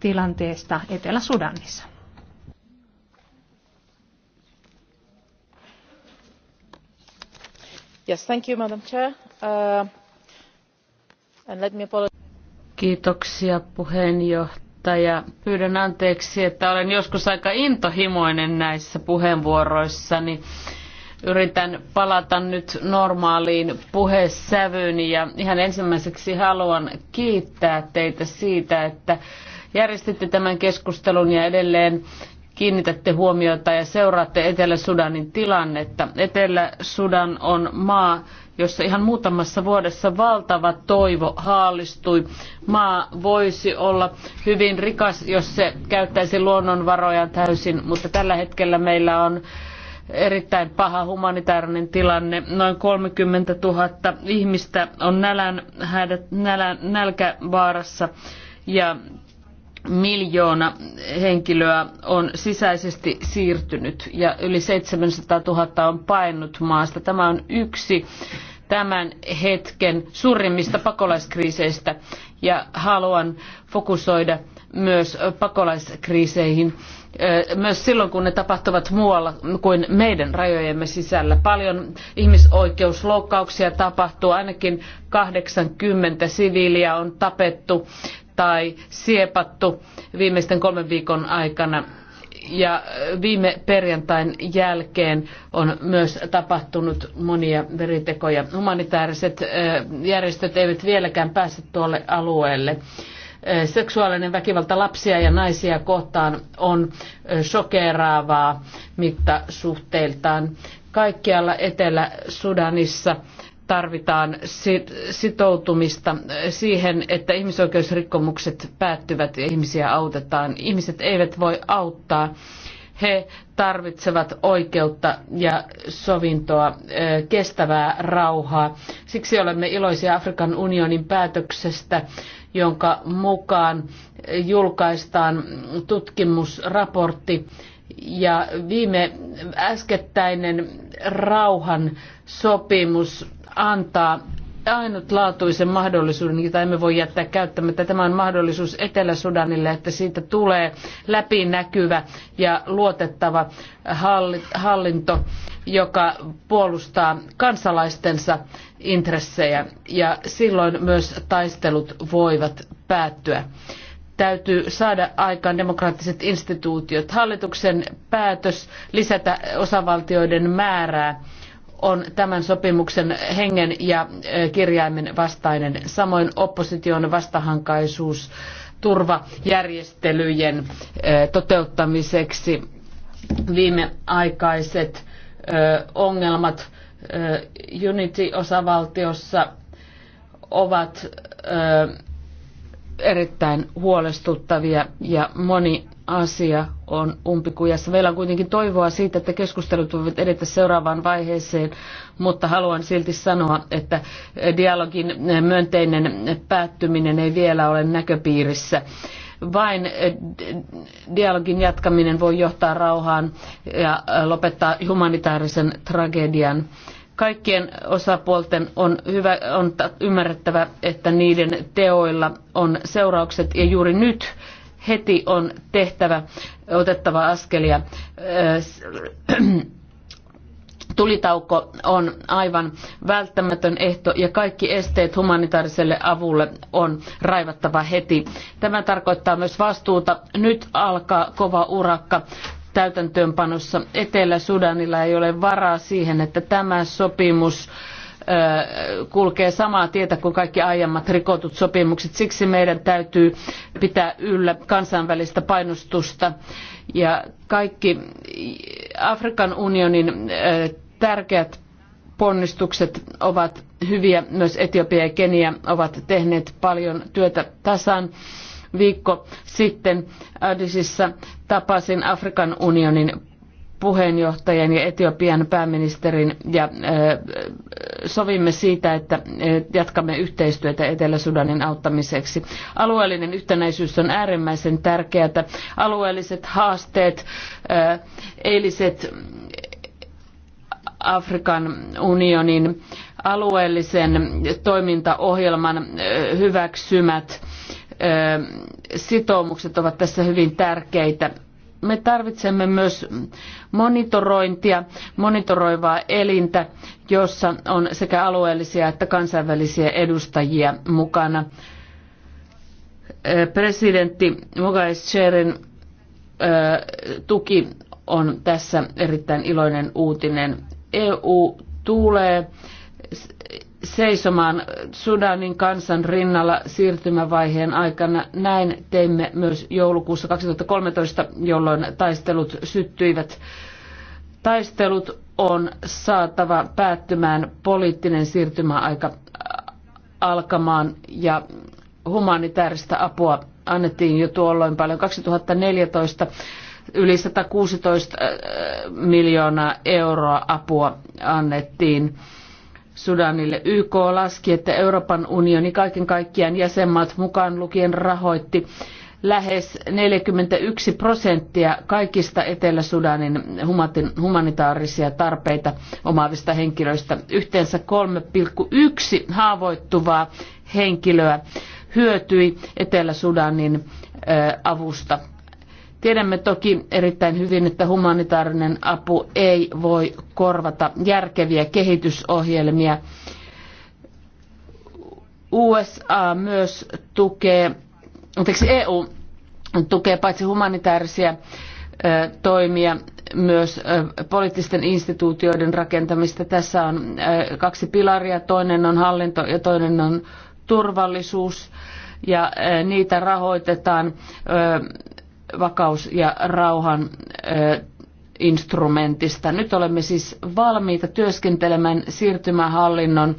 tilanteesta Etelä-Sudanissa. Yes, thank you, Madam Chair. Uh, and let me Kiitoksia puheenjohtaja. Pyydän anteeksi, että olen joskus aika intohimoinen näissä puheenvuoroissani yritän palata nyt normaaliin puhesävyyn ja ihan ensimmäiseksi haluan kiittää teitä siitä, että järjestitte tämän keskustelun ja edelleen kiinnitätte huomiota ja seuraatte Etelä-Sudanin tilannetta. Etelä-Sudan on maa, jossa ihan muutamassa vuodessa valtava toivo haalistui. Maa voisi olla hyvin rikas, jos se käyttäisi luonnonvaroja täysin, mutta tällä hetkellä meillä on erittäin paha humanitaarinen tilanne. Noin 30 000 ihmistä on nälän, nälän, nälkävaarassa ja miljoona henkilöä on sisäisesti siirtynyt ja yli 700 000 on paennut maasta. Tämä on yksi tämän hetken suurimmista pakolaiskriiseistä ja haluan fokusoida myös pakolaiskriiseihin myös silloin, kun ne tapahtuvat muualla kuin meidän rajojemme sisällä. Paljon ihmisoikeusloukkauksia tapahtuu, ainakin 80 siviiliä on tapettu tai siepattu viimeisten kolmen viikon aikana. Ja äh, viime perjantain jälkeen on myös tapahtunut monia veritekoja. Humanitaariset äh, järjestöt eivät vieläkään pääse tuolle alueelle äh, seksuaalinen väkivalta lapsia ja naisia kohtaan on sokeraavaa mittasuhteiltaan. Kaikkialla Etelä-Sudanissa tarvitaan sitoutumista siihen, että ihmisoikeusrikkomukset päättyvät ja ihmisiä autetaan. Ihmiset eivät voi auttaa. He tarvitsevat oikeutta ja sovintoa, kestävää rauhaa. Siksi olemme iloisia Afrikan unionin päätöksestä, jonka mukaan julkaistaan tutkimusraportti ja viime äskettäinen rauhan sopimus antaa ainutlaatuisen mahdollisuuden, jota emme voi jättää käyttämättä. Tämä on mahdollisuus Etelä-Sudanille, että siitä tulee läpinäkyvä ja luotettava hallinto, joka puolustaa kansalaistensa intressejä ja silloin myös taistelut voivat päättyä täytyy saada aikaan demokraattiset instituutiot. Hallituksen päätös lisätä osavaltioiden määrää on tämän sopimuksen hengen ja kirjaimen vastainen. Samoin opposition vastahankaisuus turvajärjestelyjen toteuttamiseksi viimeaikaiset ongelmat Unity-osavaltiossa ovat erittäin huolestuttavia ja moni asia on umpikujassa. Meillä on kuitenkin toivoa siitä, että keskustelut voivat edetä seuraavaan vaiheeseen, mutta haluan silti sanoa, että dialogin myönteinen päättyminen ei vielä ole näköpiirissä. Vain dialogin jatkaminen voi johtaa rauhaan ja lopettaa humanitaarisen tragedian kaikkien osapuolten on, hyvä, on ymmärrettävä, että niiden teoilla on seuraukset ja juuri nyt heti on tehtävä, otettava askelia. Tulitauko on aivan välttämätön ehto ja kaikki esteet humanitaariselle avulle on raivattava heti. Tämä tarkoittaa myös vastuuta. Nyt alkaa kova urakka täytäntöönpanossa. Etelä-Sudanilla ei ole varaa siihen, että tämä sopimus äh, kulkee samaa tietä kuin kaikki aiemmat rikotut sopimukset. Siksi meidän täytyy pitää yllä kansainvälistä painostusta. Ja kaikki Afrikan unionin tärkeät ponnistukset ovat hyviä. Myös Etiopia ja Kenia ovat tehneet paljon työtä tasan. Viikko sitten Addisissa tapasin Afrikan unionin puheenjohtajan ja Etiopian pääministerin ja sovimme siitä, että jatkamme yhteistyötä Etelä-Sudanin auttamiseksi. Alueellinen yhtenäisyys on äärimmäisen tärkeää. Alueelliset haasteet, äh, eiliset Afrikan unionin alueellisen toimintaohjelman äh, hyväksymät äh, sitoumukset ovat tässä hyvin tärkeitä me tarvitsemme myös monitorointia, monitoroivaa elintä, jossa on sekä alueellisia että kansainvälisiä edustajia mukana. Presidentti Mugais Sherin tuki on tässä erittäin iloinen uutinen. EU tulee seisomaan Sudanin kansan rinnalla siirtymävaiheen aikana. Näin teimme myös joulukuussa 2013, jolloin taistelut syttyivät. Taistelut on saatava päättymään poliittinen siirtymäaika alkamaan ja humanitaarista apua annettiin jo tuolloin paljon. 2014 yli 116 äh, miljoonaa euroa apua annettiin Sudanille. YK laski, että Euroopan unioni kaiken kaikkiaan jäsenmaat mukaan lukien rahoitti lähes 41 prosenttia kaikista Etelä-Sudanin humanitaarisia tarpeita omaavista henkilöistä. Yhteensä 3,1 haavoittuvaa henkilöä hyötyi Etelä-Sudanin avusta. Tiedämme toki erittäin hyvin, että humanitaarinen apu ei voi korvata järkeviä kehitysohjelmia. USA myös tukee, anteeksi EU tukee paitsi humanitaarisia toimia myös poliittisten instituutioiden rakentamista. Tässä on kaksi pilaria, toinen on hallinto ja toinen on turvallisuus ja niitä rahoitetaan vakaus- ja rauhan instrumentista. Nyt olemme siis valmiita työskentelemään siirtymähallinnon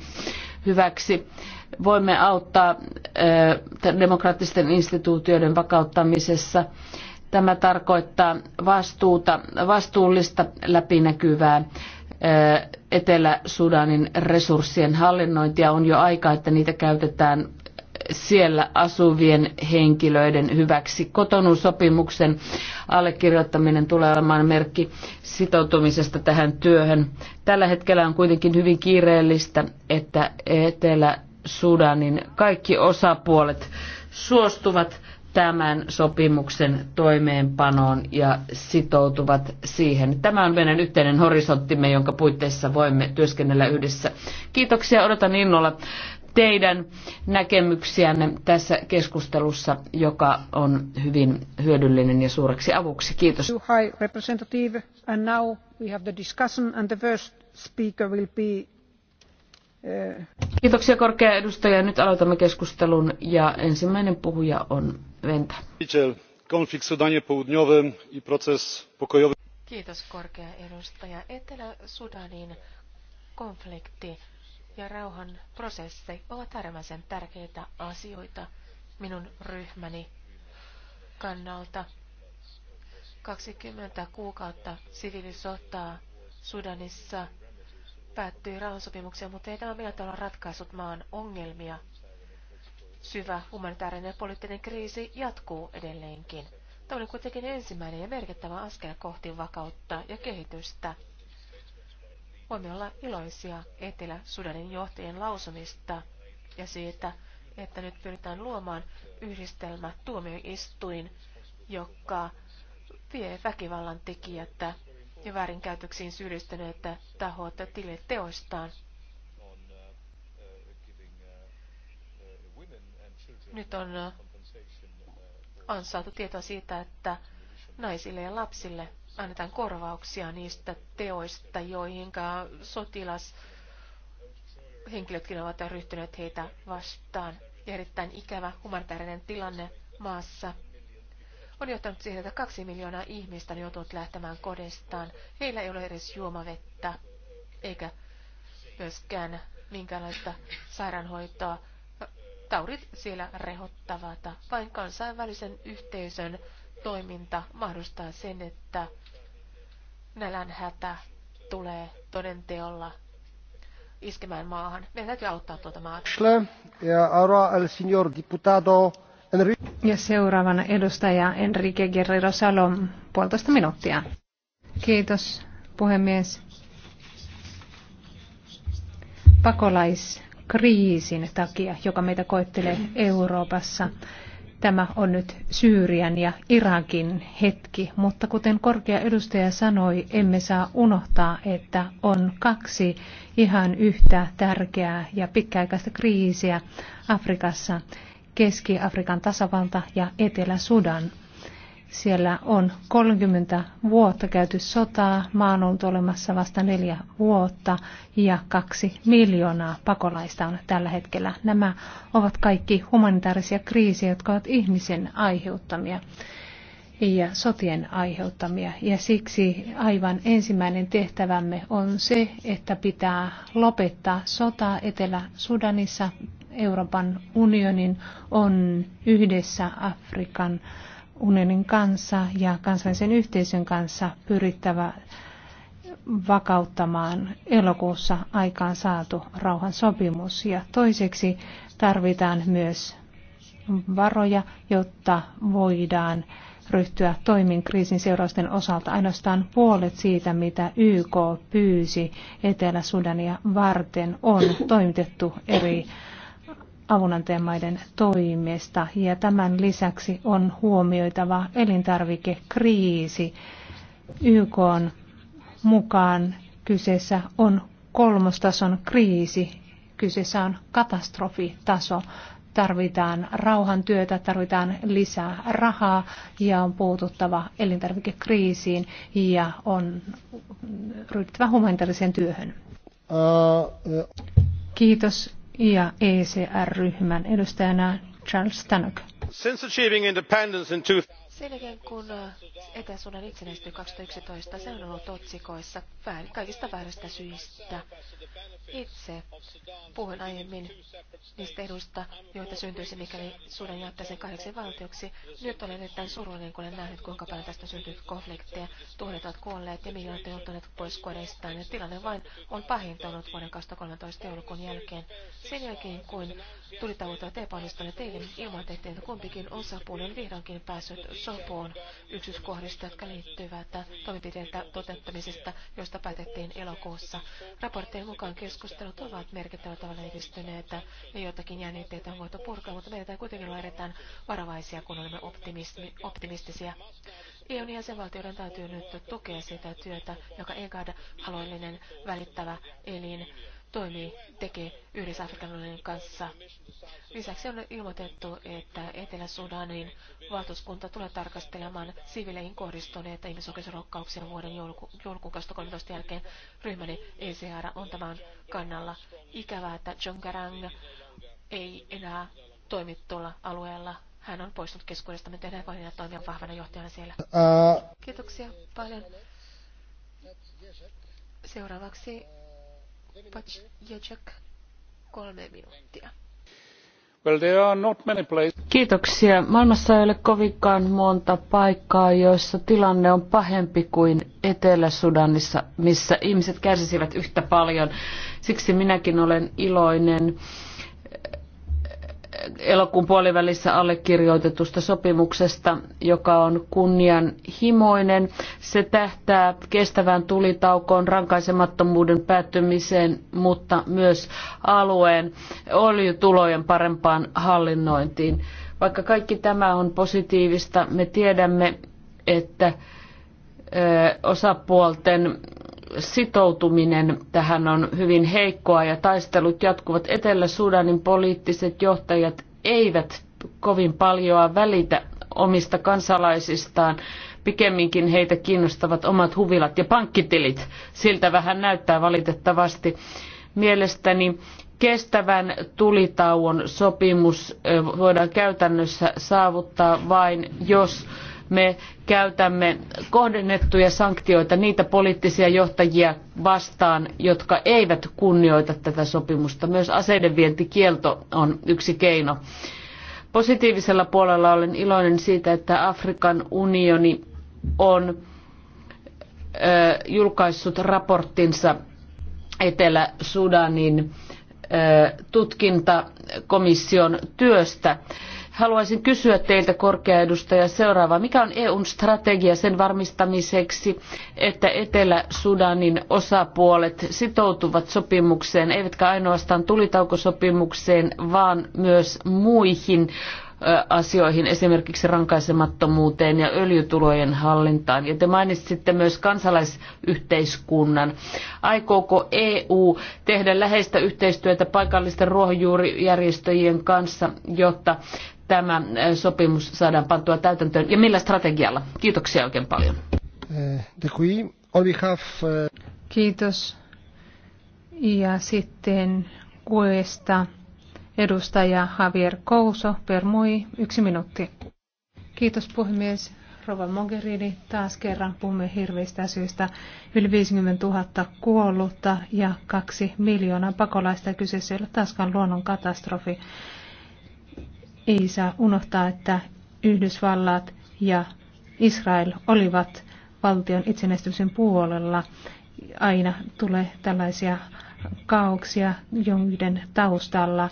hyväksi. Voimme auttaa demokraattisten instituutioiden vakauttamisessa. Tämä tarkoittaa vastuuta, vastuullista läpinäkyvää Etelä-Sudanin resurssien hallinnointia. On jo aika, että niitä käytetään siellä asuvien henkilöiden hyväksi. Kotonusopimuksen allekirjoittaminen tulee olemaan merkki sitoutumisesta tähän työhön. Tällä hetkellä on kuitenkin hyvin kiireellistä, että Etelä-Sudanin kaikki osapuolet suostuvat tämän sopimuksen toimeenpanoon ja sitoutuvat siihen. Tämä on meidän yhteinen horisonttimme, jonka puitteissa voimme työskennellä yhdessä. Kiitoksia, odotan innolla teidän näkemyksiänne tässä keskustelussa, joka on hyvin hyödyllinen ja suureksi avuksi. Kiitos. High representative, and now we have the discussion and the first speaker will be uh, Kiitoksia korkea edustaja. Nyt aloitamme keskustelun ja ensimmäinen puhuja on Venta. Kiitos korkea edustaja. Etelä-Sudanin konflikti ja rauhan prosessi ovat äärimmäisen tärkeitä asioita minun ryhmäni kannalta. 20 kuukautta siviilisotaa Sudanissa päättyi rauhansopimukseen, mutta ei tämä millään tavalla ratkaisut maan ongelmia. Syvä humanitaarinen ja poliittinen kriisi jatkuu edelleenkin. Tämä oli kuitenkin ensimmäinen ja merkittävä askel kohti vakautta ja kehitystä Voimme olla iloisia Etelä-Sudanin johtajien lausumista ja siitä, että nyt pyritään luomaan yhdistelmä tuomioistuin, joka vie väkivallan tekijät ja väärinkäytöksiin syyllistyneet tahot tilille teoistaan. Nyt on ansaatu äh, tietoa siitä, että naisille ja lapsille annetaan korvauksia niistä teoista, joihin sotilas henkilötkin ovat ryhtyneet heitä vastaan. Ja erittäin ikävä humanitaarinen tilanne maassa on johtanut siihen, että kaksi miljoonaa ihmistä on joutunut lähtemään kodestaan. Heillä ei ole edes juomavettä eikä myöskään minkäänlaista sairaanhoitoa. Taurit siellä rehottavat. Vain kansainvälisen yhteisön toiminta mahdollistaa sen, että hätä tulee todenteolla iskemään maahan. Meidän täytyy auttaa tuota maata. Ja el diputado ja seuraavana edustaja Enrique Guerrero Salom, puolitoista minuuttia. Kiitos, puhemies. Pakolaiskriisin takia, joka meitä koettelee Euroopassa, Tämä on nyt Syyrian ja Irakin hetki, mutta kuten korkea edustaja sanoi, emme saa unohtaa, että on kaksi ihan yhtä tärkeää ja pitkäaikaista kriisiä Afrikassa, Keski-Afrikan tasavalta ja Etelä-Sudan. Siellä on 30 vuotta käyty sotaa, maa on ollut olemassa vasta neljä vuotta ja kaksi miljoonaa pakolaista on tällä hetkellä. Nämä ovat kaikki humanitaarisia kriisejä, jotka ovat ihmisen aiheuttamia ja sotien aiheuttamia. Ja siksi aivan ensimmäinen tehtävämme on se, että pitää lopettaa sota Etelä-Sudanissa. Euroopan unionin on yhdessä Afrikan unionin kanssa ja kansallisen yhteisön kanssa pyrittävä vakauttamaan elokuussa aikaan saatu rauhansopimus. Ja toiseksi tarvitaan myös varoja, jotta voidaan ryhtyä toimin kriisin seurausten osalta ainoastaan puolet siitä, mitä YK pyysi Etelä-Sudania varten, on toimitettu eri avunantajamaiden toimesta. Ja tämän lisäksi on huomioitava elintarvikekriisi. YK on mukaan kyseessä on kolmostason kriisi. Kyseessä on katastrofitaso. Tarvitaan rauhantyötä, tarvitaan lisää rahaa ja on puututtava elintarvikekriisiin ja on ryhdyttävä humanitaariseen työhön. Kiitos ja ECR-ryhmän edustajana Charles Tannock. Since achieving independence in sen jälkeen, kun Etä-Sudan itsenäistyi 2011, se on ollut otsikoissa väär, kaikista väärästä syistä. Itse puhuin aiemmin niistä eduista, joita syntyisi, mikäli Sudan jättäisiin kahdeksi valtioksi. Nyt olen erittäin surullinen, kun olen nähnyt, kuinka paljon tästä syntyy konflikteja. Tuhannet ovat kuolleet ja miljoonat joutuneet pois kodeistaan. Ja tilanne vain on pahintunut vuoden 2013 joulukuun jälkeen. Sen jälkeen, kun Tepanista ja teille ilmoitettiin, että kumpikin osapuoli on vihdoinkin päässyt sopuun yksityiskohdista, jotka liittyvät toimenpiteitä toteuttamisesta, josta päätettiin elokuussa. Raporttien mukaan keskustelut ovat merkittävällä tavalla edistyneet ja joitakin jännitteitä on voitu purkaa, mutta meidän kuitenkin olla erittäin varovaisia, kun olemme optimistisia. EUn jäsenvaltioiden täytyy nyt tukea sitä työtä, joka EGAD-aloillinen välittävä elin toimii, tekee yhdessä Afrikan unionin kanssa. Lisäksi on ilmoitettu, että Etelä-Sudanin valtuuskunta tulee tarkastelemaan siviileihin kohdistuneita ihmisoikeusrokkauksia vuoden jouluku- joulukuun 2013 jälkeen. Ryhmäni ECR on tämän kannalla. Ikävää, että Garang ei enää toimi tuolla alueella. Hän on poistunut keskuudesta. Me tehdään vain toimia vahvana johtajana siellä. Kiitoksia paljon. Seuraavaksi Jacek, kolme minuuttia. Well, there are not many places. Kiitoksia. Maailmassa ei ole kovinkaan monta paikkaa, joissa tilanne on pahempi kuin Etelä-Sudanissa, missä ihmiset kärsisivät yhtä paljon. Siksi minäkin olen iloinen elokuun puolivälissä allekirjoitetusta sopimuksesta, joka on kunnianhimoinen. Se tähtää kestävään tulitaukoon, rankaisemattomuuden päättymiseen, mutta myös alueen öljytulojen parempaan hallinnointiin. Vaikka kaikki tämä on positiivista, me tiedämme, että osapuolten sitoutuminen tähän on hyvin heikkoa ja taistelut jatkuvat. Etelä-Sudanin poliittiset johtajat eivät kovin paljoa välitä omista kansalaisistaan. Pikemminkin heitä kiinnostavat omat huvilat ja pankkitilit. Siltä vähän näyttää valitettavasti. Mielestäni kestävän tulitauon sopimus voidaan käytännössä saavuttaa vain, jos me käytämme kohdennettuja sanktioita niitä poliittisia johtajia vastaan, jotka eivät kunnioita tätä sopimusta. Myös aseiden vientikielto on yksi keino. Positiivisella puolella olen iloinen siitä, että Afrikan unioni on julkaissut raporttinsa Etelä-Sudanin tutkintakomission työstä. Haluaisin kysyä teiltä korkea edustaja seuraavaa. Mikä on EUn strategia sen varmistamiseksi, että Etelä-Sudanin osapuolet sitoutuvat sopimukseen, eivätkä ainoastaan tulitaukosopimukseen, vaan myös muihin asioihin, esimerkiksi rankaisemattomuuteen ja öljytulojen hallintaan. Ja te mainitsitte myös kansalaisyhteiskunnan. Aikooko EU tehdä läheistä yhteistyötä paikallisten ruohonjuurijärjestöjen kanssa, jotta tämä sopimus saadaan pantua täytäntöön ja millä strategialla. Kiitoksia oikein paljon. Eh, eh, Kiitos. Ja sitten kuesta edustaja Javier Kouso permoi yksi minuutti. Kiitos puhemies. Rova Mogherini, taas kerran puhumme hirveistä syistä. Yli 50 000 kuollutta ja kaksi miljoonaa pakolaista kyseessä ei ole taaskaan luonnon katastrofi. Ei saa unohtaa, että Yhdysvallat ja Israel olivat valtion itsenäistymisen puolella. Aina tulee tällaisia kaauksia jonkin taustalla.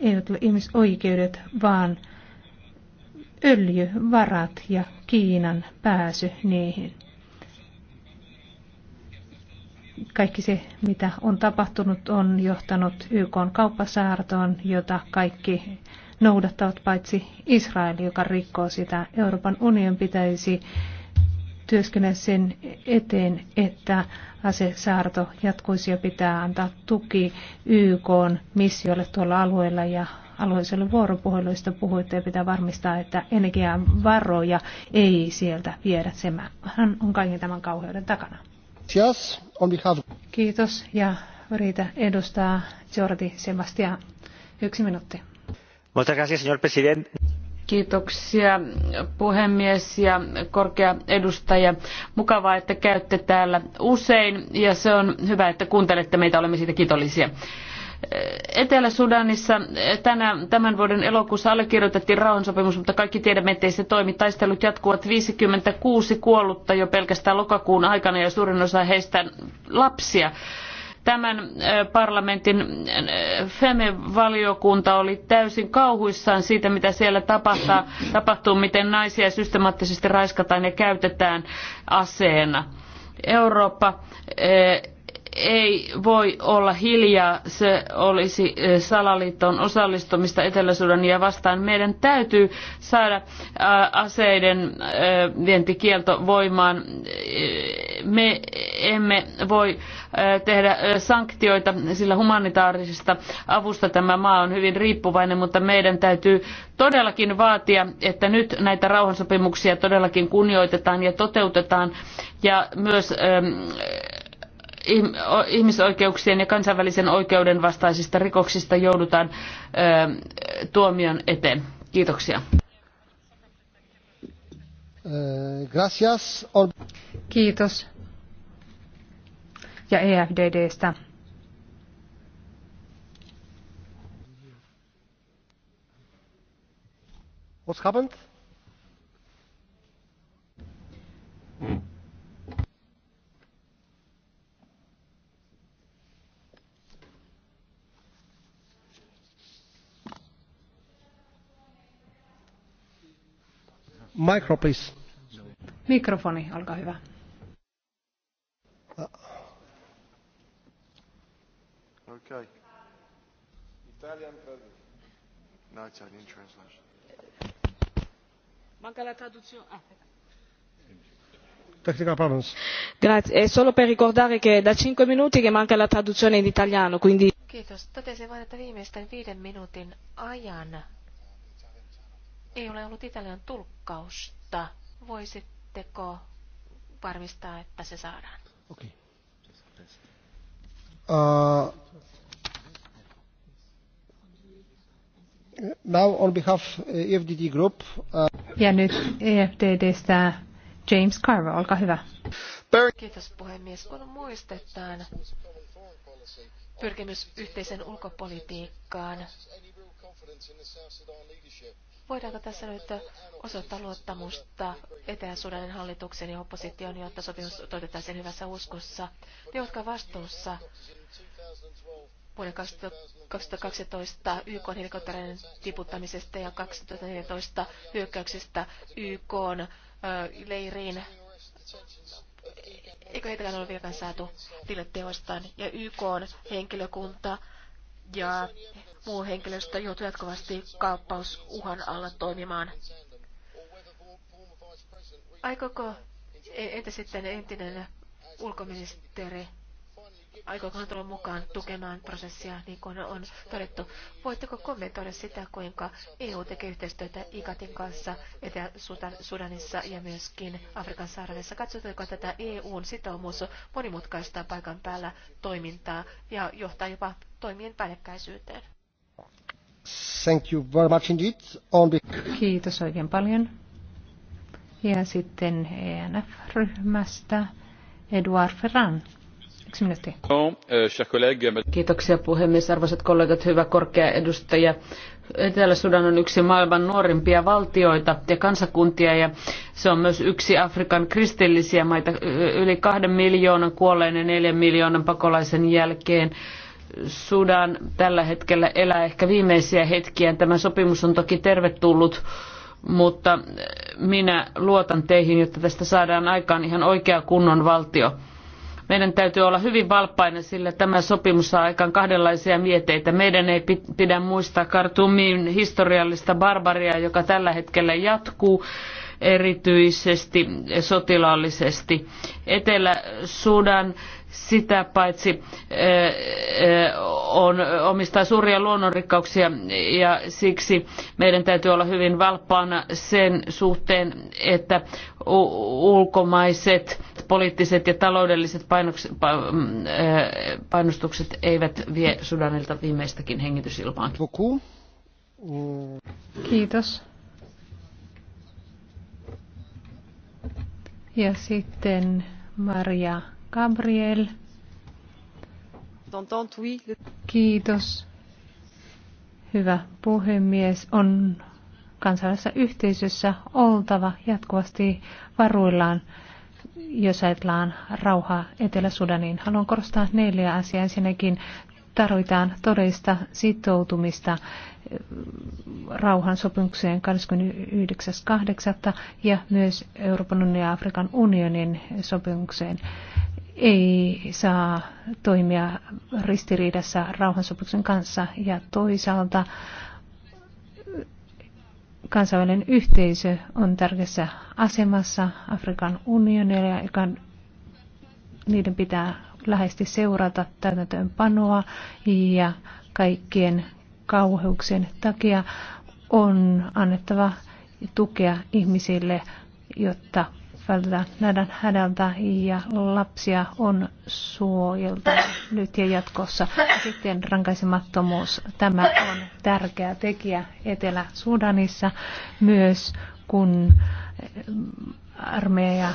Eivät ole ihmisoikeudet, vaan öljyvarat ja Kiinan pääsy niihin. Kaikki se, mitä on tapahtunut, on johtanut YK kauppasaartoon, jota kaikki noudattavat paitsi Israel, joka rikkoo sitä. Euroopan union pitäisi työskennellä sen eteen, että asesaarto jatkuisi ja pitää antaa tuki YK missiolle tuolla alueella ja alueelliselle vuoropuheluista puhuitte ja pitää varmistaa, että energiavaroja ei sieltä viedä. Sehän on kaiken tämän kauheuden takana. Yes, on behalf. Kiitos ja Riitä edustaa Jordi Sebastian. Yksi minuutti. Kiitoksia puhemies ja korkea edustaja. Mukavaa, että käytte täällä usein ja se on hyvä, että kuuntelette meitä, olemme siitä kiitollisia. Etelä-Sudanissa tänä, tämän vuoden elokuussa allekirjoitettiin rauhansopimus, mutta kaikki tiedämme, ettei se toimi. Taistelut jatkuvat 56 kuollutta jo pelkästään lokakuun aikana ja suurin osa heistä lapsia. Tämän parlamentin FEME-valiokunta oli täysin kauhuissaan siitä, mitä siellä tapahtuu, tapahtuu miten naisia systemaattisesti raiskataan ja käytetään aseena. Eurooppa ei voi olla hiljaa, se olisi eh, salaliittoon osallistumista Etelä-Sudania vastaan. Meidän täytyy saada eh, aseiden eh, vientikielto voimaan. Me emme voi tehdä sanktioita, sillä humanitaarisesta avusta tämä maa on hyvin riippuvainen, mutta meidän täytyy todellakin vaatia, että nyt näitä rauhansopimuksia todellakin kunnioitetaan ja toteutetaan ja myös ihmisoikeuksien ja kansainvälisen oikeuden vastaisista rikoksista joudutaan tuomion eteen. Kiitoksia. Eh, Kiitos. Ja EFDDstä. What's happened? Mm. Micro, please. Mikrofoni, olkaa hyvä. Okay. Italian No, Italian translation. Manca la traduzione. Ah, Grazie, è solo per ricordare che da cinque minuti che manca la traduzione in italiano, quindi... Kiitos. Totesin vain, että viimeisten viiden minuutin ajan ei ole ollut Italian tulkkausta. Voisitteko varmistaa, että se saadaan? Okei. Okay. Uh, now on behalf uh, EFDD Group. Uh... Ja nyt EFDDstä James Carver, olkaa hyvä. Kiitos puhemies. Kun muistetaan pyrkimys yhteisen ulkopolitiikkaan, Voidaanko tässä nyt osoittaa luottamusta Etelä-Sudanin hallituksen ja opposition, jotta sopimus sen hyvässä uskossa? Ne, jotka vastuussa vuoden 2012 YK helikopterin tiputtamisesta ja 2014 hyökkäyksestä YK leiriin. Eikö heitäkään ole vieläkään saatu tilille teostaan? Ja YK henkilökunta ja muu henkilöstö joutuu jatkuvasti kauppausuhan alla toimimaan. Aikoko e-, entä sitten entinen ulkoministeri aikooko hän tulla mukaan tukemaan prosessia, niin kuin on todettu. Voitteko kommentoida sitä, kuinka EU tekee yhteistyötä ICATin kanssa Etelä-Sudanissa ja myöskin Afrikan saaressa? Katsotaanko tätä EUn sitoumus monimutkaista paikan päällä toimintaa ja johtaa jopa toimien päällekkäisyyteen? Thank you very much indeed. On the... Kiitos oikein paljon. Ja sitten ENF-ryhmästä Eduard Ferran. Yksi minuutti. Euh, Kiitoksia puhemies, arvoisat kollegat, hyvä korkea edustaja. Etelä-Sudan on yksi maailman nuorimpia valtioita ja kansakuntia ja se on myös yksi Afrikan kristillisiä maita yli kahden miljoonan kuolleen ja neljän miljoonan pakolaisen jälkeen. Sudan tällä hetkellä elää ehkä viimeisiä hetkiä. Tämä sopimus on toki tervetullut, mutta minä luotan teihin, jotta tästä saadaan aikaan ihan oikea kunnon valtio. Meidän täytyy olla hyvin valppaina, sillä tämä sopimus saa aikaan kahdenlaisia mieteitä. Meidän ei pidä muistaa Kartumin historiallista barbariaa, joka tällä hetkellä jatkuu erityisesti sotilaallisesti. Etelä-Sudan sitä paitsi eh, eh, on, omistaa suuria luonnonrikkauksia ja siksi meidän täytyy olla hyvin valppaana sen suhteen, että ulkomaiset poliittiset ja taloudelliset mm, eh, painostukset eivät vie Sudanilta viimeistäkin hengitysilmaan. Kiitos. Ja sitten Maria Gabriel. Kiitos. Hyvä puhemies. On kansainvälisessä yhteisössä oltava jatkuvasti varuillaan jos ajatellaan rauhaa Etelä-Sudaniin. Haluan korostaa neljä asiaa. Ensinnäkin tarvitaan todellista sitoutumista eh, rauhan sopimukseen 29.8. ja myös Euroopan unionin ja Afrikan unionin sopimukseen. Ei saa toimia ristiriidassa rauhansopimuksen kanssa ja toisaalta äh, kansainvälinen yhteisö on tärkeässä asemassa Afrikan unionilla ja niiden pitää läheisesti seurata täytäntöönpanoa ja kaikkien kauheuksien takia on annettava tukea ihmisille, jotta välillä nähdään hädältä ja lapsia on suojelta nyt ja jatkossa. Sitten rankaisemattomuus. Tämä on tärkeä tekijä Etelä-Sudanissa myös, kun eh, armeija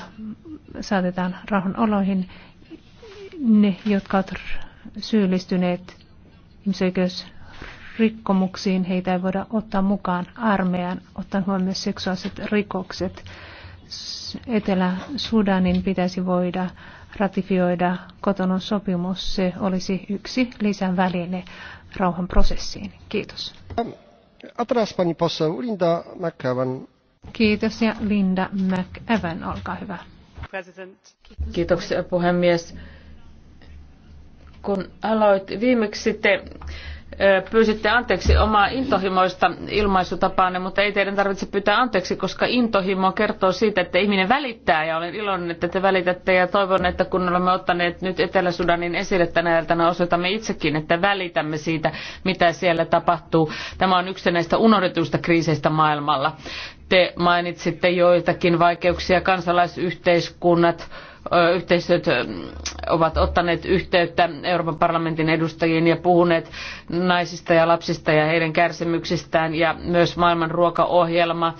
saatetaan rauhan oloihin. Ne, jotka ovat syyllistyneet ihmisoikeus rikkomuksiin, heitä ei voida ottaa mukaan armeijan, ottaen huomioon myös seksuaaliset rikokset Etelä-Sudanin pitäisi voida ratifioida kotonon sopimus. Se olisi yksi lisäväline rauhan prosessiin. Kiitos. Linda Kiitos ja Linda McEwan, olkaa hyvä. Kiitoksia puhemies. Kun aloit, viimeksi te pyysitte anteeksi omaa intohimoista ilmaisutapaanne, mutta ei teidän tarvitse pyytää anteeksi, koska intohimo kertoo siitä, että ihminen välittää ja olen iloinen, että te välitätte ja toivon, että kun olemme ottaneet nyt Etelä-Sudanin esille tänä iltana, osoitamme itsekin, että välitämme siitä, mitä siellä tapahtuu. Tämä on yksi näistä unohdetuista kriiseistä maailmalla. Te mainitsitte joitakin vaikeuksia, kansalaisyhteiskunnat, yhteistyöt ovat ottaneet yhteyttä Euroopan parlamentin edustajiin ja puhuneet naisista ja lapsista ja heidän kärsimyksistään ja myös maailman ruokaohjelma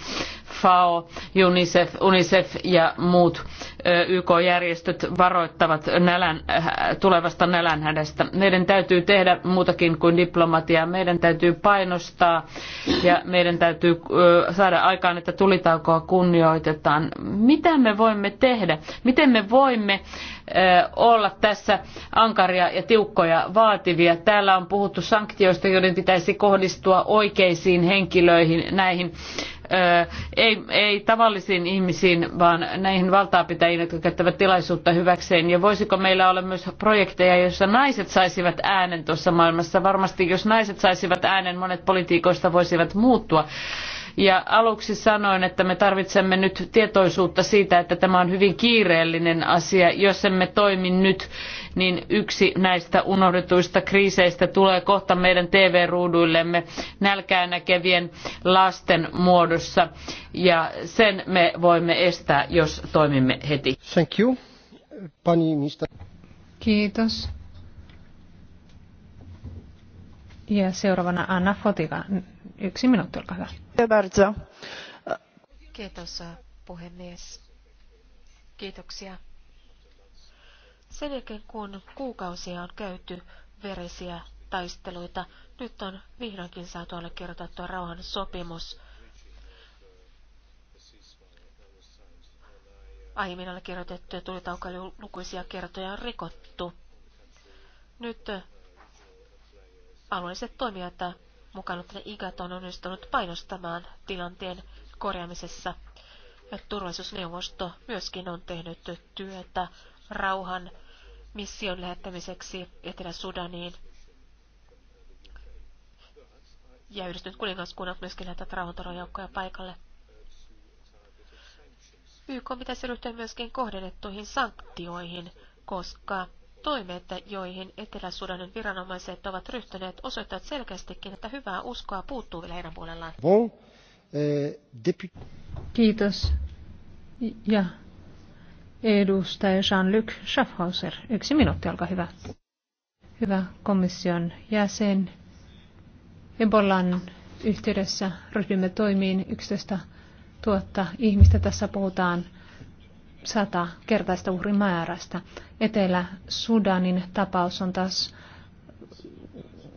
FAO, UNICEF, UNICEF ja muut YK-järjestöt varoittavat nälän, äh, tulevasta nälänhädästä. Meidän täytyy tehdä muutakin kuin diplomatiaa. Meidän täytyy painostaa ja meidän täytyy saada aikaan, että tulitaukoa kunnioitetaan. Mitä me voimme tehdä? Miten me voimme olla tässä ankaria ja tiukkoja vaativia. Täällä on puhuttu sanktioista, joiden pitäisi kohdistua oikeisiin henkilöihin, näihin ei, ei tavallisiin ihmisiin, vaan näihin valtaapitäjiin, jotka käyttävät tilaisuutta hyväkseen. Ja voisiko meillä olla myös projekteja, joissa naiset saisivat äänen tuossa maailmassa? Varmasti jos naiset saisivat äänen, monet politiikoista voisivat muuttua. Ja aluksi sanoin, että me tarvitsemme nyt tietoisuutta siitä, että tämä on hyvin kiireellinen asia. Jos emme toimi nyt, niin yksi näistä unohdetuista kriiseistä tulee kohta meidän TV-ruuduillemme nälkää näkevien lasten muodossa. Ja sen me voimme estää, jos toimimme heti. Thank you. Pani mistä? Kiitos. Ja seuraavana Anna Yksi minuutti, olkaa hyvä arvoisa puhemies. Kiitoksia. Sen jälkeen kun kuukausia on käyty verisiä taisteluita, nyt on vihdoinkin saatu allekirjoitettua rauhan sopimus. Aiemmin allekirjoitettuja tulitaukoja lukuisia kertoja on rikottu. Nyt alueelliset toimijat mukaan IGAT on onnistunut painostamaan tilanteen korjaamisessa. Ja turvallisuusneuvosto myöskin on tehnyt työtä rauhan mission lähettämiseksi Etelä-Sudaniin. Ja yhdistynyt kuningaskunnat myöskin lähettävät rauhantorojoukkoja paikalle. YK pitäisi ryhtyä myöskin kohdennettuihin sanktioihin, koska toimet, joihin Etelä-Sudanin viranomaiset ovat ryhtyneet, osoittavat selkeästikin, että hyvää uskoa puuttuu vielä heidän puolellaan. Eh, Kiitos. Ja edustaja Jean-Luc Schaffhauser, yksi minuutti, olkaa hyvä. Hyvä komission jäsen. Ebolan yhteydessä ryhdymme toimiin 11 000 ihmistä. Tässä puhutaan sata kertaista uhrimäärästä. Etelä-Sudanin tapaus on taas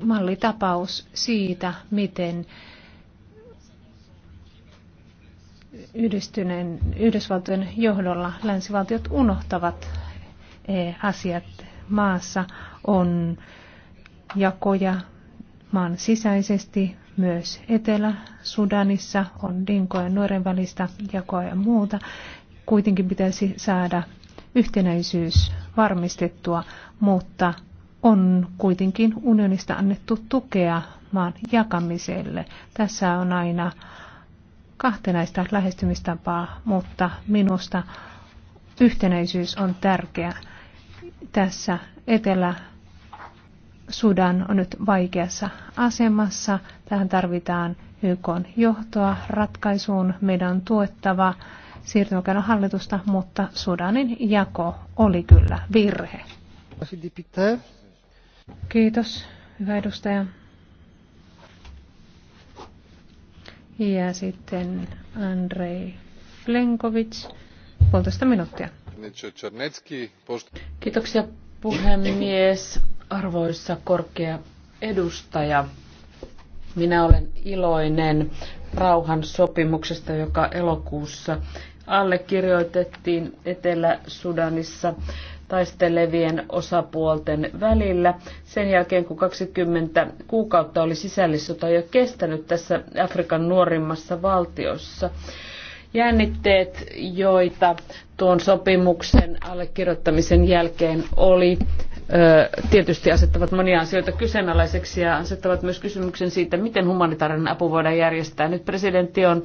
mallitapaus siitä, miten yhdistyneen Yhdysvaltojen johdolla länsivaltiot unohtavat asiat maassa. On jakoja maan sisäisesti, myös Etelä-Sudanissa on dinkojen nuoren välistä jakoa ja muuta kuitenkin pitäisi saada yhtenäisyys varmistettua, mutta on kuitenkin unionista annettu tukea maan jakamiselle. Tässä on aina kahtenaista lähestymistapaa, mutta minusta yhtenäisyys on tärkeä. Tässä Etelä-Sudan on nyt vaikeassa asemassa. Tähän tarvitaan YK johtoa ratkaisuun. Meidän on tuettava siirtymäkäynnän hallitusta, mutta Sudanin jako oli kyllä virhe. Kiitos, hyvä edustaja. Ja sitten Andrei Plenkovic, puolitoista minuuttia. Kiitoksia puhemies, arvoissa korkea edustaja. Minä olen iloinen rauhan sopimuksesta, joka elokuussa allekirjoitettiin Etelä-Sudanissa taistelevien osapuolten välillä. Sen jälkeen, kun 20 kuukautta oli sisällissota jo kestänyt tässä Afrikan nuorimmassa valtiossa. Jännitteet, joita tuon sopimuksen allekirjoittamisen jälkeen oli, tietysti asettavat monia asioita kyseenalaiseksi ja asettavat myös kysymyksen siitä, miten humanitaarinen apu voidaan järjestää. Nyt presidentti on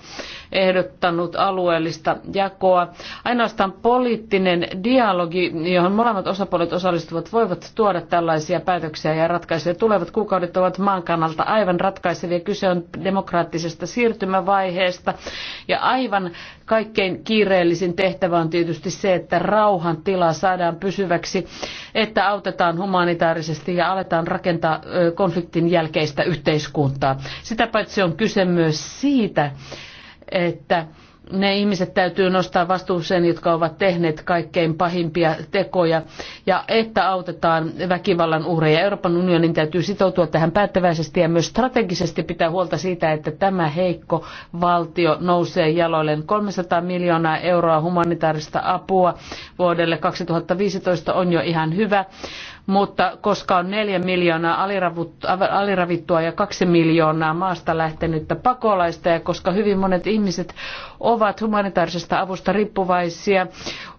ehdottanut alueellista jakoa. Ainoastaan poliittinen dialogi, johon molemmat osapuolet osallistuvat, voivat tuoda tällaisia päätöksiä ja ratkaisuja. Tulevat kuukaudet ovat maan kannalta aivan ratkaisevia. Kyse on demokraattisesta siirtymävaiheesta ja aivan kaikkein kiireellisin tehtävä on tietysti se, että rauhan tila saadaan pysyväksi, että autetaan autetaan humanitaarisesti ja aletaan rakentaa konfliktin jälkeistä yhteiskuntaa. Sitä paitsi on kyse myös siitä, että ne ihmiset täytyy nostaa vastuuseen, jotka ovat tehneet kaikkein pahimpia tekoja, ja että autetaan väkivallan uhreja. Euroopan unionin täytyy sitoutua tähän päättäväisesti ja myös strategisesti pitää huolta siitä, että tämä heikko valtio nousee jaloilleen. 300 miljoonaa euroa humanitaarista apua vuodelle 2015 on jo ihan hyvä mutta koska on neljä miljoonaa aliravittua ja kaksi miljoonaa maasta lähtenyttä pakolaista ja koska hyvin monet ihmiset ovat humanitaarisesta avusta riippuvaisia,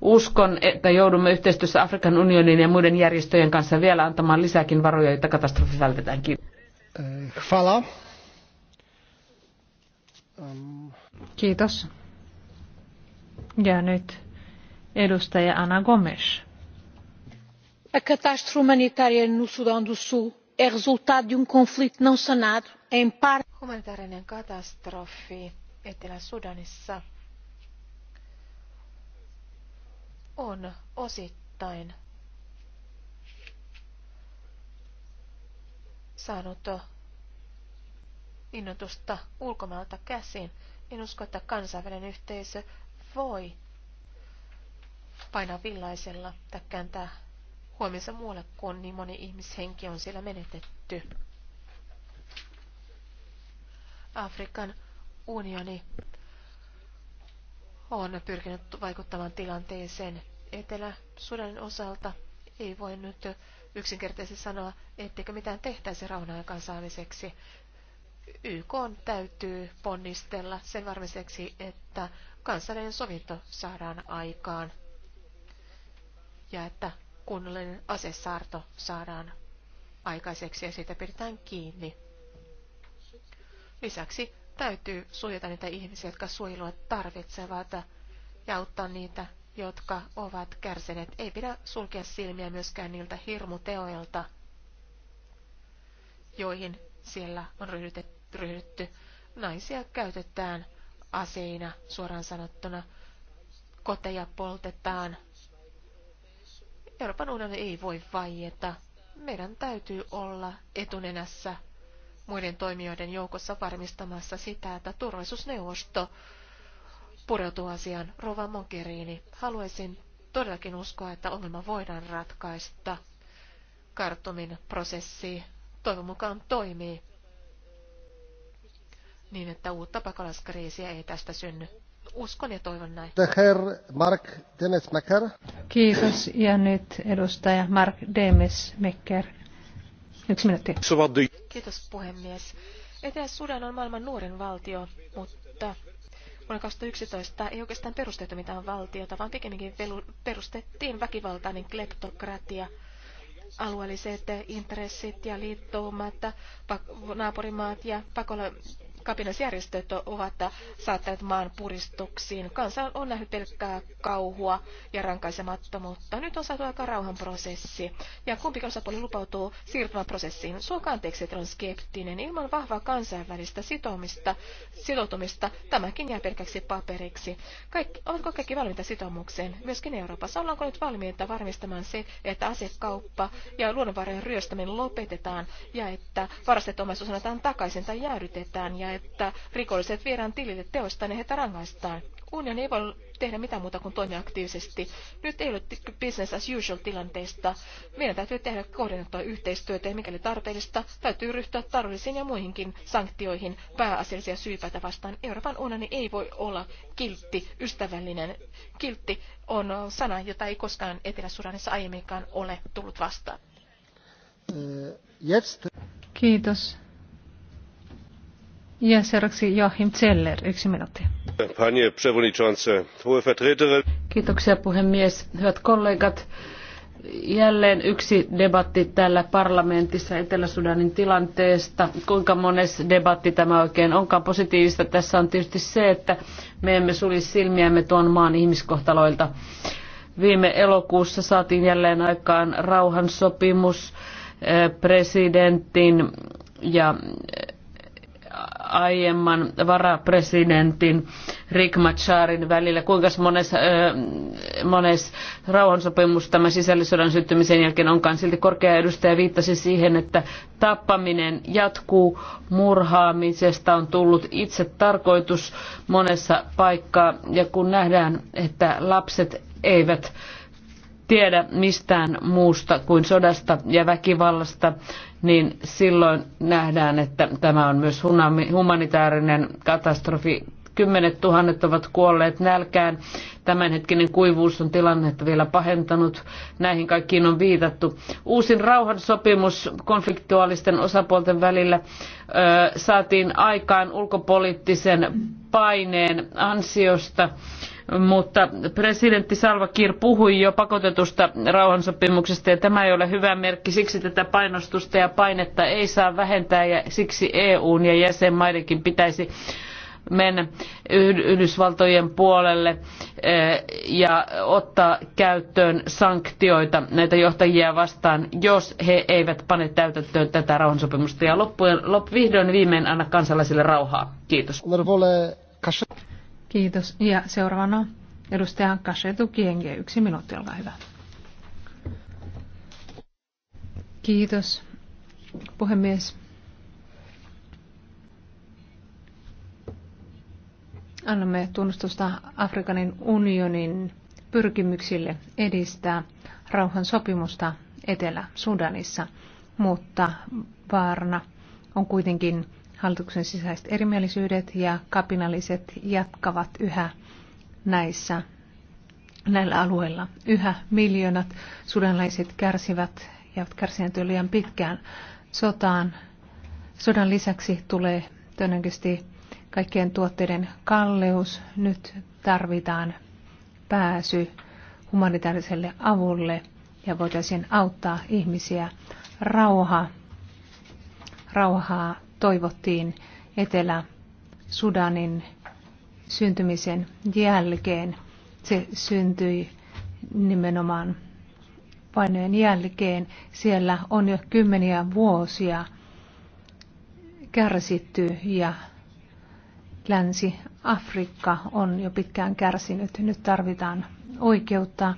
uskon, että joudumme yhteistyössä Afrikan unionin ja muiden järjestöjen kanssa vielä antamaan lisääkin varoja, jotta katastrofi vältetään. Kiitos. Eh, um. Kiitos. Ja nyt edustaja Ana Gomes a catástrofe humanitária no sudão do sul é resultado de um conflito não sanado em parte. sudanissa on osittain saanut innotusta ulkomailta käsin. En usko, että kansainvälinen yhteisö voi painaa villaisella tai kääntää huomensa muualle, kun niin moni ihmishenki on siellä menetetty. Afrikan unioni on pyrkinyt vaikuttamaan tilanteeseen Etelä-Sudanin osalta. Ei voi nyt yksinkertaisesti sanoa, etteikö mitään tehtäisi rauhan saamiseksi. YK täytyy ponnistella sen varmiseksi, että kansallinen sovinto saadaan aikaan ja että kunnollinen asesaarto saadaan aikaiseksi ja siitä pidetään kiinni. Lisäksi täytyy suojata niitä ihmisiä, jotka suojelua tarvitsevat ja auttaa niitä, jotka ovat kärsineet. Ei pidä sulkea silmiä myöskään niiltä hirmuteoilta, joihin siellä on ryhdytty. Naisia käytetään aseina, suoraan sanottuna. Koteja poltetaan, Euroopan unioni ei voi vaieta. Meidän täytyy olla etunenässä muiden toimijoiden joukossa varmistamassa sitä, että turvallisuusneuvosto pureutuu asiaan. Rova monkeriini. haluaisin todellakin uskoa, että ongelma voidaan ratkaista. Kartumin prosessi toivon mukaan toimii niin, että uutta pakolaiskriisiä ei tästä synny. Uskon ja toivon näin. Mark Kiitos. Ja nyt edustaja Mark Demesmaker. Yksi minuutti. Kiitos puhemies. Etelä-Sudan on maailman nuorin valtio, mutta vuonna 2011 ei oikeastaan perustettu mitään valtiota, vaan pikemminkin perustettiin väkivaltainen kleptokratia. Alueelliset intressit ja liittoumat, naapurimaat ja pakola- kapinallisjärjestöt ovat saattaneet maan puristuksiin. Kansa on nähnyt pelkkää kauhua ja rankaisemattomuutta. Nyt on saatu aika rauhanprosessi, ja kumpikin osapuoli lupautuu prosessiin. Suoka anteeksi, että on skeptinen. Ilman vahvaa kansainvälistä sitomista, sitoutumista tämäkin jää pelkäksi paperiksi. Kaikki, ovatko kaikki valmiita sitoumukseen? Myöskin Euroopassa ollaanko nyt valmiita varmistamaan se, että asekauppa ja luonnonvarojen ryöstäminen lopetetaan, ja että varastettu omaisuus annetaan takaisin tai jäädytetään, ja että rikolliset viedään tilille teoistaan ja heitä rangaistaan. Unioni ei voi tehdä mitään muuta kuin toimia aktiivisesti. Nyt ei ole business as usual tilanteesta. Meidän täytyy tehdä koordinoitua yhteistyötä ja mikäli tarpeellista, täytyy ryhtyä taloudellisiin ja muihinkin sanktioihin pääasiallisia syypäitä vastaan. Euroopan unioni ei voi olla kiltti, ystävällinen. Kiltti on sana, jota ei koskaan Etelä-Sudanissa aiemminkaan ole tullut vastaan. Kiitos. Ja Kiitoksia puhemies. Hyvät kollegat, jälleen yksi debatti täällä parlamentissa Etelä-Sudanin tilanteesta. Kuinka mones debatti tämä oikein onkaan positiivista? Tässä on tietysti se, että me emme sulje silmiämme tuon maan ihmiskohtaloilta. Viime elokuussa saatiin jälleen aikaan rauhansopimus eh, presidentin ja aiemman varapresidentin Rick Macharin välillä. Kuinka mones, mones rauhansopimus tämä sisällissodan syttymisen jälkeen onkaan. Silti korkea edustaja viittasi siihen, että tappaminen jatkuu, murhaamisesta on tullut itse tarkoitus monessa paikkaa. Ja kun nähdään, että lapset eivät tiedä mistään muusta kuin sodasta ja väkivallasta, niin silloin nähdään, että tämä on myös humanitaarinen katastrofi kymmenet tuhannet ovat kuolleet nälkään. Tämänhetkinen kuivuus on tilannetta vielä pahentanut. Näihin kaikkiin on viitattu. Uusin rauhansopimus konfliktuaalisten osapuolten välillä ö, saatiin aikaan ulkopoliittisen paineen ansiosta mutta presidentti Salva Kiir puhui jo pakotetusta rauhansopimuksesta ja tämä ei ole hyvä merkki. Siksi tätä painostusta ja painetta ei saa vähentää ja siksi EUn ja jäsenmaidenkin pitäisi men Yhdysvaltojen puolelle eh, ja ottaa käyttöön sanktioita näitä johtajia vastaan, jos he eivät pane täytäntöön tätä rauhansopimusta. Ja loppujen, lop, vihdoin viimein anna kansalaisille rauhaa. Kiitos. Kiitos. Ja seuraavana edustaja Kashetu Kienge. Yksi minuutti, olkaa hyvä. Kiitos, puhemies. annamme tunnustusta Afrikanin unionin pyrkimyksille edistää rauhan sopimusta Etelä-Sudanissa, mutta vaarana on kuitenkin hallituksen sisäiset erimielisyydet ja kapinalliset jatkavat yhä näissä näillä alueilla. Yhä miljoonat sudanlaiset kärsivät ja ovat kärsineet liian pitkään sotaan. Sodan lisäksi tulee todennäköisesti kaikkien tuotteiden kalleus. Nyt tarvitaan pääsy humanitaariselle avulle ja voitaisiin auttaa ihmisiä. Rauha, rauhaa toivottiin Etelä-Sudanin syntymisen jälkeen. Se syntyi nimenomaan painojen jälkeen. Siellä on jo kymmeniä vuosia kärsitty ja Länsi-Afrikka on jo pitkään kärsinyt. Nyt tarvitaan oikeutta,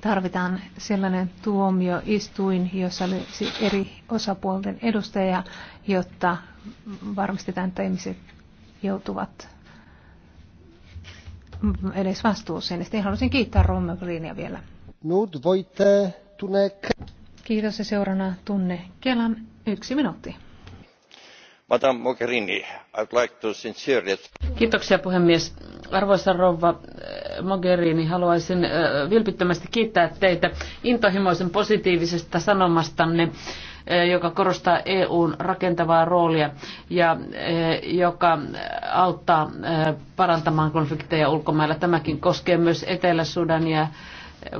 tarvitaan sellainen tuomioistuin, jossa olisi eri osapuolten edustajia, jotta varmistetaan, että ihmiset joutuvat edes vastuuseen. Sitten haluaisin kiittää Rommelinia vielä. Nyt voitte tunne... Kiitos ja seurana tunne Kelan yksi minuutti arvoisa puhemies. Arvoisa rouva eh, Mogherini, haluaisin eh, vilpittömästi kiittää teitä intohimoisen positiivisesta sanomastanne eh, joka korostaa EUn rakentavaa roolia ja joka auttaa parantamaan konflikteja ulkomailla. Tämäkin koskee myös Etelä-Sudania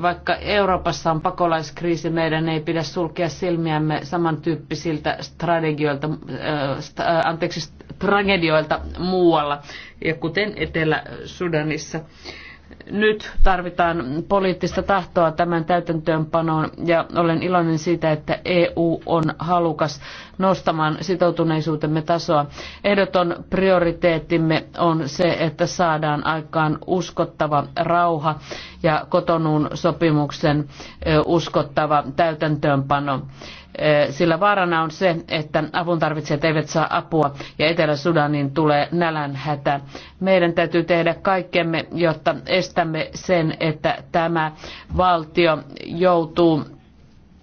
vaikka Euroopassa on pakolaiskriisi, meidän ei pidä sulkea silmiämme samantyyppisiltä strategioilta, äh, äh anteeksi, tragedioilta muualla, ja kuten Etelä-Sudanissa. Äh, nyt tarvitaan poliittista tahtoa tämän täytäntöönpanoon ja olen iloinen siitä, että EU on halukas nostamaan sitoutuneisuutemme tasoa. Ehdoton prioriteettimme on se, että saadaan aikaan uskottava rauha ja kotonuun sopimuksen uskottava täytäntöönpano sillä vaarana on se, että avuntarvitsijat eivät saa apua ja Etelä-Sudanin tulee nälänhätä. Meidän täytyy tehdä kaikkemme, jotta estämme sen, että tämä valtio joutuu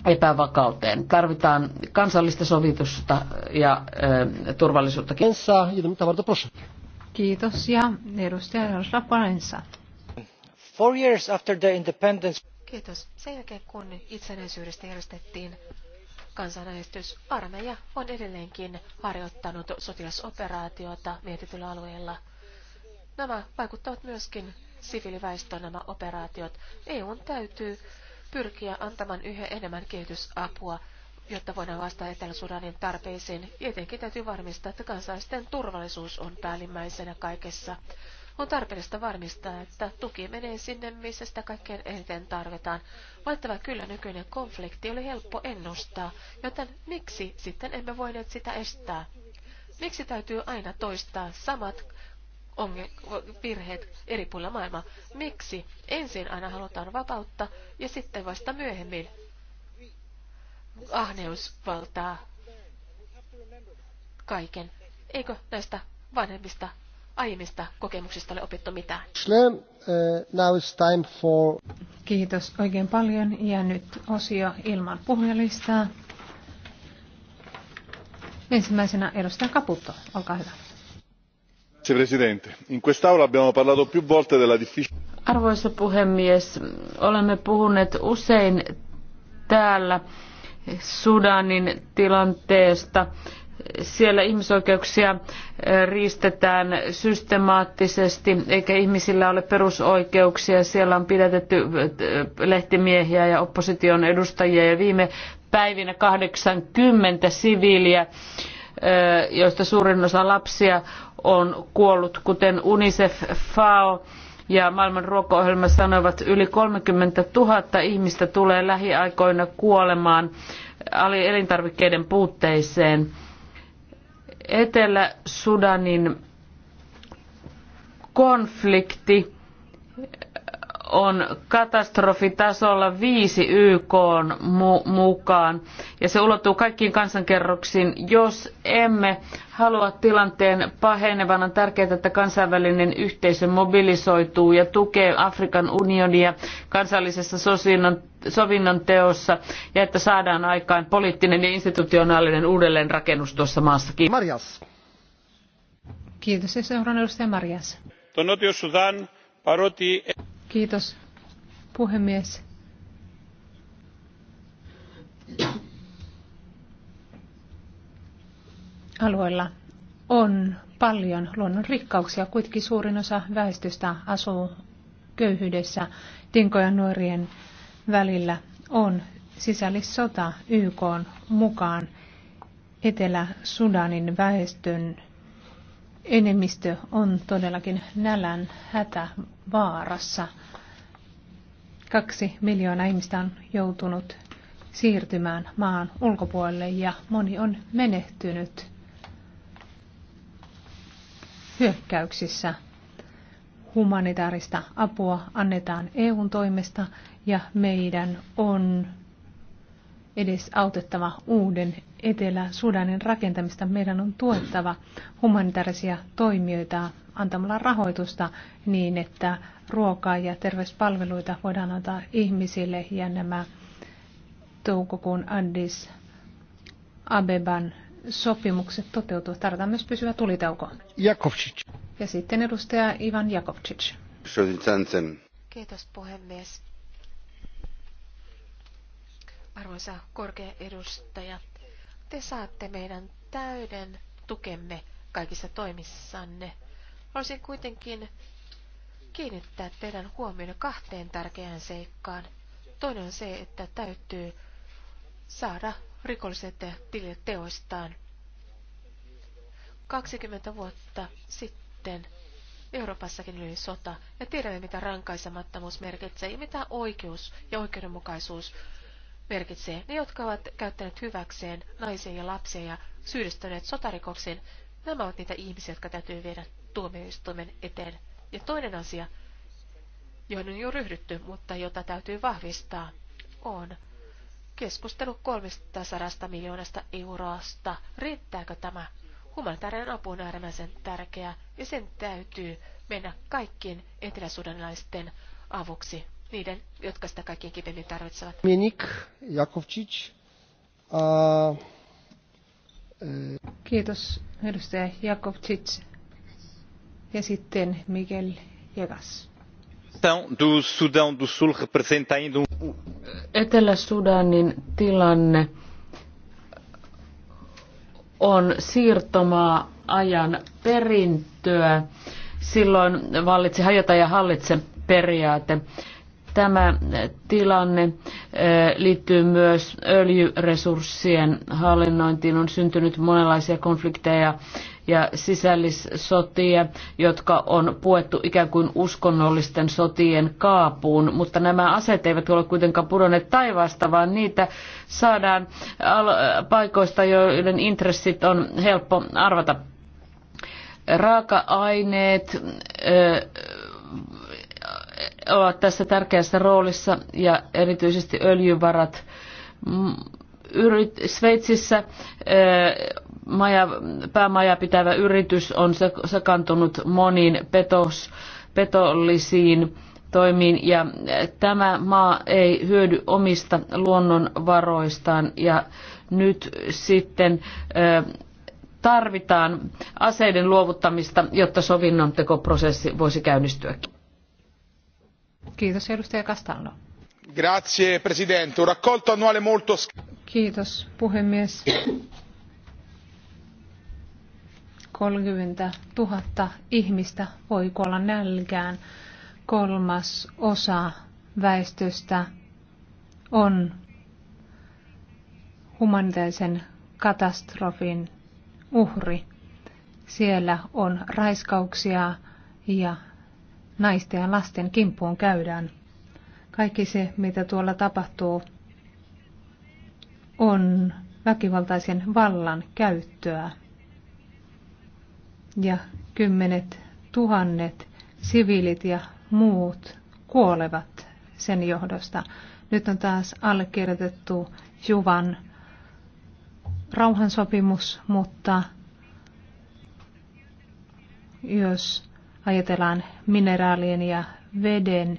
epävakauteen. Tarvitaan kansallista sovitusta ja ö, turvallisuuttakin. Kiitos ja edustaja Jaroslav Four years after the independence... Kiitos. Sen jälkeen kun itsenäisyydestä järjestettiin kansanäänestys. Armeija on edelleenkin harjoittanut sotilasoperaatiota mietityllä alueella. Nämä vaikuttavat myöskin siviiliväestöön nämä operaatiot. EUn täytyy pyrkiä antamaan yhä enemmän kehitysapua, jotta voidaan vastata Etelä-Sudanin tarpeisiin. Etenkin täytyy varmistaa, että kansalaisten turvallisuus on päällimmäisenä kaikessa on tarpeellista varmistaa, että tuki menee sinne, missä sitä kaikkein eniten tarvitaan. Valittava kyllä nykyinen konflikti oli helppo ennustaa, joten miksi sitten emme voineet sitä estää? Miksi täytyy aina toistaa samat virheet eri puolilla maailmaa? Miksi ensin aina halutaan vapautta ja sitten vasta myöhemmin ahneus valtaa kaiken? Eikö näistä vanhemmista aiemmista kokemuksista ole opittu mitään. Eh, now it's time for... Kiitos oikein paljon ja nyt osio ilman puhujalistaa. Ensimmäisenä edustaja Caputo, olkaa hyvä. Arvoisa puhemies, olemme puhuneet usein täällä Sudanin tilanteesta siellä ihmisoikeuksia äh, riistetään systemaattisesti, eikä ihmisillä ole perusoikeuksia. Siellä on pidätetty äh, lehtimiehiä ja opposition edustajia ja viime päivinä 80 siviiliä, äh, joista suurin osa lapsia on kuollut, kuten UNICEF, FAO ja maailman ruokaohjelma sanovat, yli 30 000 ihmistä tulee lähiaikoina kuolemaan elintarvikkeiden puutteeseen. Etelä-Sudanin konflikti on katastrofitasolla viisi YK mukaan ja se ulottuu kaikkiin kansankerroksiin. Jos emme halua tilanteen pahenevan, on tärkeää, että kansainvälinen yhteisö mobilisoituu ja tukee Afrikan unionia kansallisessa sosinnon, sovinnon teossa ja että saadaan aikaan poliittinen ja institutionaalinen uudelleenrakennus tuossa maassa. Marjas. Kiitos ja seuraan edustaja Marjas. Το Kiitos puhemies. Alueella on paljon luonnonrikkauksia. Kuitenkin suurin osa väestöstä asuu köyhyydessä. Tinkoja nuorien välillä on sisällissota YK mukaan Etelä-Sudanin väestön enemmistö on todellakin nälän hätä vaarassa. Kaksi miljoonaa ihmistä on joutunut siirtymään maan ulkopuolelle ja moni on menehtynyt hyökkäyksissä. Humanitaarista apua annetaan EUn toimesta ja meidän on edes autettava uuden Etelä-Sudanin rakentamista. Meidän on tuettava humanitaarisia toimijoita antamalla rahoitusta niin, että ruokaa ja terveyspalveluita voidaan antaa ihmisille ja nämä toukokuun Addis Abeban sopimukset toteutuvat. Tarvitaan myös pysyvä tulitauko. Jakovčić. Ja sitten edustaja Ivan Jakovčić. Kiitos puhemies. Arvoisa korkea edustaja, te saatte meidän täyden tukemme kaikissa toimissanne. Haluaisin kuitenkin kiinnittää teidän huomioon kahteen tärkeään seikkaan. Toinen on se, että täytyy saada rikolliset tilille teoistaan. 20 vuotta sitten Euroopassakin oli sota, ja tiedämme mitä rankaisemattomuus merkitsee, ja mitä oikeus ja oikeudenmukaisuus merkitsee. Ne, jotka ovat käyttäneet hyväkseen naisia ja lapsia ja syyllistyneet sotarikoksiin, nämä ovat niitä ihmisiä, jotka täytyy viedä tuomioistuimen eteen. Ja toinen asia, johon on jo ryhdytty, mutta jota täytyy vahvistaa, on keskustelu 300 miljoonasta eurosta. Riittääkö tämä? Humanitaarinen apu on äärimmäisen tärkeä ja sen täytyy mennä kaikkien eteläsudanilaisten avuksi niiden, jotka sitä kaikkein kipeimmin tarvitsevat. Mienik Jakovčić. E, Kiitos edustaja Jakovčić. Ja sitten Miguel Jegas. Um- Etelä-Sudanin tilanne on siirtomaa ajan perintöä. Silloin vallitsi hajota ja hallitse periaate. Tämä tilanne eh, liittyy myös öljyresurssien hallinnointiin. On syntynyt monenlaisia konflikteja ja sisällissotia, jotka on puettu ikään kuin uskonnollisten sotien kaapuun, mutta nämä aseet eivät ole kuitenkaan pudonneet taivaasta, vaan niitä saadaan paikoista, joiden intressit on helppo arvata. Raaka-aineet, eh, ovat tässä tärkeässä roolissa ja erityisesti öljyvarat. Sveitsissä maja, päämaja pitävä yritys on sekantunut moniin petos, petollisiin toimiin ja tämä maa ei hyödy omista luonnonvaroistaan ja nyt sitten tarvitaan aseiden luovuttamista, jotta sovinnontekoprosessi voisi käynnistyäkin. Kiitos edustaja Castaldo. Grazie presidente. Un raccolto annuale molto... Kiitos puhemies. 30 000 ihmistä voi kuolla nälkään. Kolmas osa väestöstä on humanitaarisen katastrofin uhri. Siellä on raiskauksia ja naisten ja lasten kimppuun käydään. Kaikki se, mitä tuolla tapahtuu, on väkivaltaisen vallan käyttöä. Ja kymmenet tuhannet siviilit ja muut kuolevat sen johdosta. Nyt on taas allekirjoitettu Juvan rauhansopimus, mutta jos ajatellaan mineraalien ja veden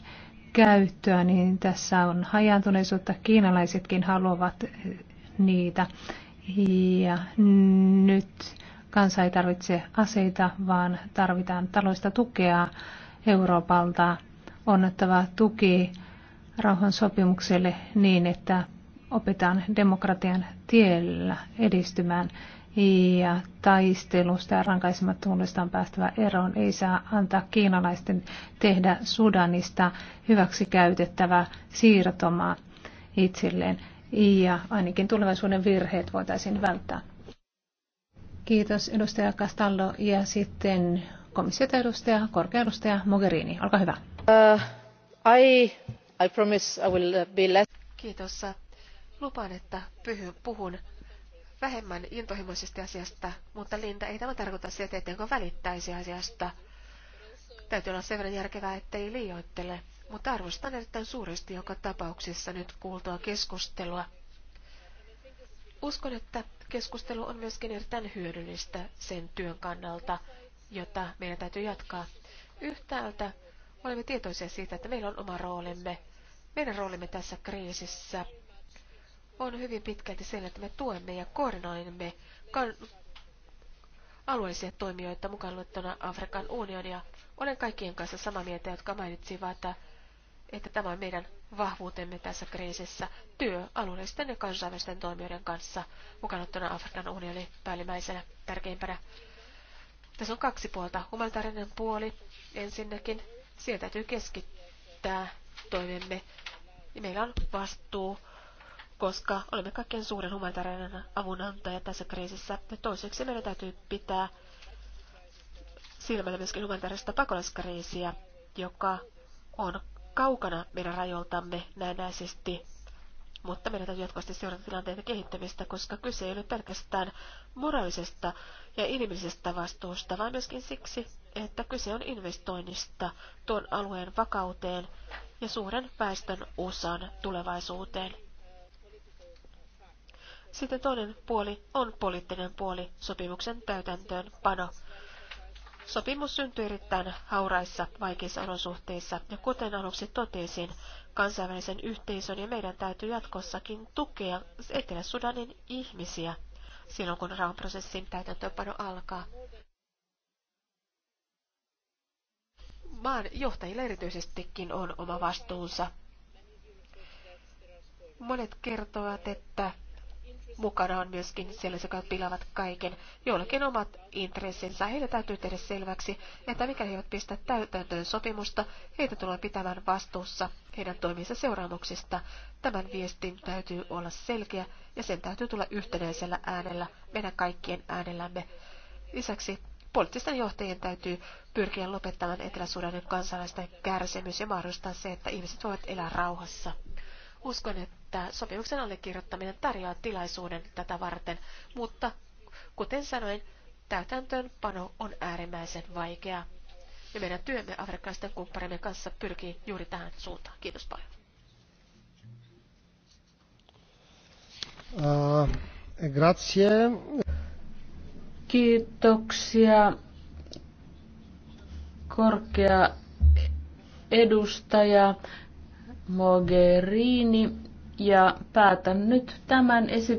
käyttöä, niin tässä on hajaantuneisuutta. Kiinalaisetkin haluavat niitä. Ja nyt kansa ei tarvitse aseita, vaan tarvitaan taloista tukea Euroopalta. Onnettava tuki rauhan sopimukselle niin, että opitaan demokratian tiellä edistymään ja taistelusta ja rankaisemattomuudesta on päästävä eroon. Ei saa antaa kiinalaisten tehdä Sudanista hyväksi käytettävä siirtomaa itselleen ja ainakin tulevaisuuden virheet voitaisiin välttää. Kiitos edustaja Castallo ja sitten komissiota edustaja, korkea edustaja Mogherini. Olkaa hyvä. Uh, I, I promise I will be less... Kiitos. Lupaan, että puhun vähemmän intohimoisesti asiasta, mutta Linda, ei tämä tarkoita sitä, etteikö välittäisi asiasta. Täytyy olla sen verran järkevää, ettei liioittele, mutta arvostan erittäin suuresti joka tapauksessa nyt kuultua keskustelua. Uskon, että keskustelu on myöskin erittäin hyödyllistä sen työn kannalta, jota meidän täytyy jatkaa. Yhtäältä olemme tietoisia siitä, että meillä on oma roolimme, meidän roolimme tässä kriisissä – on hyvin pitkälti sen, että me tuemme ja koordinoimme alueellisia toimijoita mukaan luettuna Afrikan unionia. Olen kaikkien kanssa samaa mieltä, jotka mainitsivat, että, että tämä on meidän vahvuutemme tässä kriisissä. Työ alueellisten ja kansainvälisten toimijoiden kanssa mukaan luettuna Afrikan unionin päällimmäisenä tärkeimpänä. Tässä on kaksi puolta. Humanitaarinen puoli ensinnäkin. sieltä täytyy keskittää toimemme. meillä on vastuu koska olemme kaikkein suuren humanitaarinen avunantaja tässä kriisissä. Ja toiseksi meidän täytyy pitää silmällä myöskin humanitaarista pakolaiskriisiä, joka on kaukana meidän rajoiltamme näennäisesti, mutta meidän täytyy jatkuvasti seurata tilanteen kehittämistä, koska kyse ei ole pelkästään moraalisesta ja inhimillisestä vastuusta, vaan myöskin siksi, että kyse on investoinnista tuon alueen vakauteen ja suuren väestön osan tulevaisuuteen. Sitten toinen puoli on poliittinen puoli, sopimuksen täytäntöön pano. Sopimus syntyi erittäin hauraissa, vaikeissa olosuhteissa, ja kuten aluksi totesin, kansainvälisen yhteisön ja meidän täytyy jatkossakin tukea Etelä-Sudanin ihmisiä silloin, kun rauhanprosessin täytäntöönpano alkaa. Maan johtajilla erityisestikin on oma vastuunsa. Monet kertovat, että mukana on myöskin sellaisia, jotka pilaavat kaiken. Joillakin omat intressinsä. Heille täytyy tehdä selväksi, että mikäli he eivät pistä täytäntöön sopimusta, heitä tulee pitämään vastuussa heidän toimiinsa seuraamuksista. Tämän viestin täytyy olla selkeä ja sen täytyy tulla yhtenäisellä äänellä, meidän kaikkien äänellämme. Lisäksi poliittisten johtajien täytyy pyrkiä lopettamaan Etelä-Sudanin kansalaisten kärsimys ja mahdollistaa se, että ihmiset voivat elää rauhassa. Uskon, että että sopimuksen allekirjoittaminen tarjoaa tilaisuuden tätä varten, mutta kuten sanoin, täytäntöönpano on äärimmäisen vaikeaa. Ja meidän työmme afrikkalaisten kumppanimme kanssa pyrkii juuri tähän suuntaan. Kiitos paljon. Uh, grazie. Kiitoksia korkea edustaja Mogherini ja päätän nyt tämän esityksen.